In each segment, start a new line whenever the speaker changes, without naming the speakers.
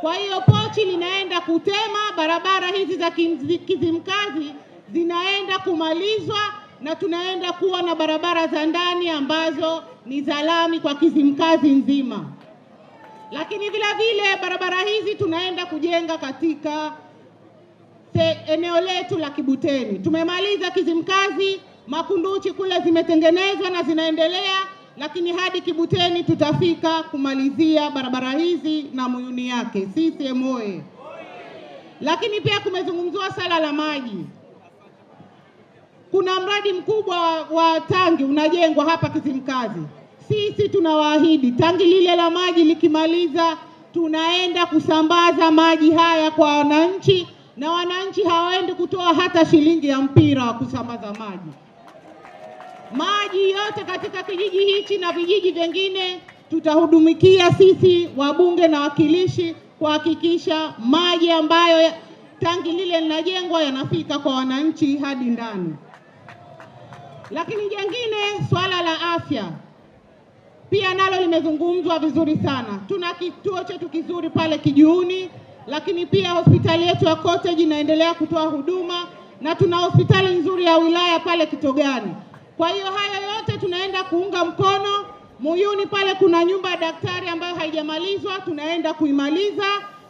Kwa hiyo pochi linaenda kutema barabara hizi za Kizimkazi zinaenda kumalizwa na tunaenda kuwa na barabara za ndani ambazo ni za lami kwa Kizimkazi nzima. Lakini vile vile barabara hizi tunaenda kujenga katika eneo letu la Kibuteni. Tumemaliza Kizimkazi, Makunduchi kule zimetengenezwa na zinaendelea lakini hadi Kibuteni tutafika kumalizia barabara hizi na Muyuni yake. CCM oye! Lakini pia kumezungumziwa sala la maji. Kuna mradi mkubwa wa tangi unajengwa hapa Kizimkazi. Sisi tunawaahidi tangi lile la maji likimaliza, tunaenda kusambaza maji haya kwa wananchi, na wananchi hawaendi kutoa hata shilingi ya mpira wa kusambaza maji maji yote katika kijiji hichi na vijiji vingine tutahudumikia sisi wabunge na wakilishi kuhakikisha maji ambayo tangi lile linajengwa yanafika kwa wananchi hadi ndani. Lakini jengine, swala la afya pia nalo limezungumzwa vizuri sana. Tuna kituo chetu kizuri pale Kijuuni, lakini pia hospitali yetu ya Cottage inaendelea kutoa huduma na tuna hospitali nzuri ya wilaya pale Kitogani. Kwa hiyo haya yote tunaenda kuunga mkono. Muyuni pale kuna nyumba ya daktari ambayo haijamalizwa, tunaenda kuimaliza.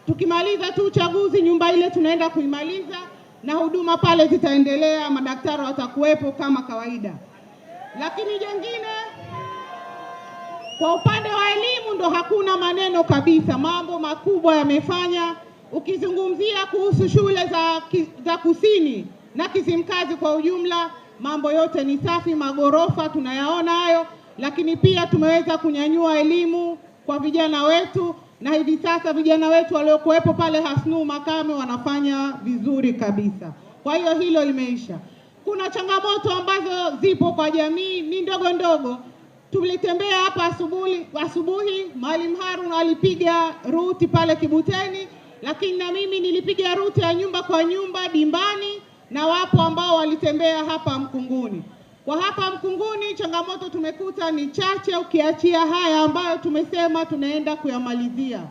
Tukimaliza tu uchaguzi, nyumba ile tunaenda kuimaliza na huduma pale zitaendelea, madaktari watakuwepo kama kawaida. Lakini jengine, kwa upande wa elimu ndo hakuna maneno kabisa, mambo makubwa yamefanya. Ukizungumzia kuhusu shule za, za Kusini na Kizimkazi kwa ujumla mambo yote ni safi, magorofa tunayaona hayo, lakini pia tumeweza kunyanyua elimu kwa vijana wetu, na hivi sasa vijana wetu waliokuwepo pale Hasnu Makame wanafanya vizuri kabisa. Kwa hiyo hilo limeisha. Kuna changamoto ambazo zipo kwa jamii ni ndogo ndogo. Tulitembea hapa asubuhi, asubuhi Mwalimu Harun alipiga ruti pale Kibuteni, lakini na mimi nilipiga ruti ya nyumba kwa nyumba Dimbani na wapo ambao walitembea hapa Mkunguni. Kwa hapa Mkunguni changamoto tumekuta ni chache, ukiachia haya ambayo tumesema tunaenda kuyamalizia.